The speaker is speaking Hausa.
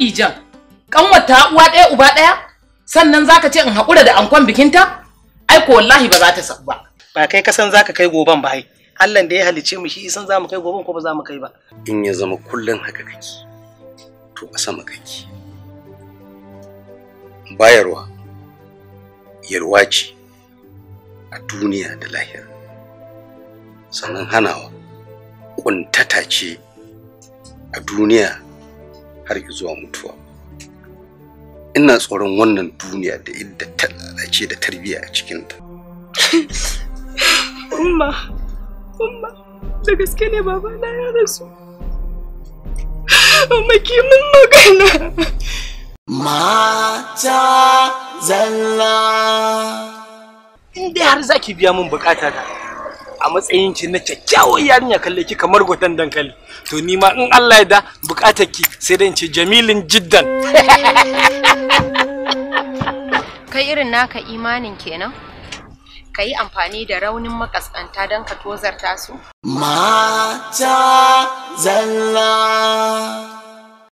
ijan kanwar ta uwa ɗaya uba ɗaya sannan zaka ce in haƙura da ankon bikinta ai ko wallahi ba za ta sabu ba ba kai kasan zaka kai goban ba Allah da ya halice mu shi isan zamu kai goban ko ba mu kai ba in ya zama kullun haka kake to a sama kake bayarwa yarwa ce a duniya da lahira sannan hanawa ƙuntata ce a duniya har zuwa mutuwa ina tsoron wannan duniya da idda ta lalace da tarbiyya a cikinta umma umma da gaske ne baba na ya rasu umma ki mun magana mata zalla inda har zaki biya min bukata ta a matsayin ki na kyakkyawar yarinya kalle ki kamar gwatan dankali to ni ma in Allah ya da bukatar ki sai dai in ce jamilin jiddan kai irin naka imanin kenan ka yi amfani da raunin makaskanta don ka tozarta su mata zalla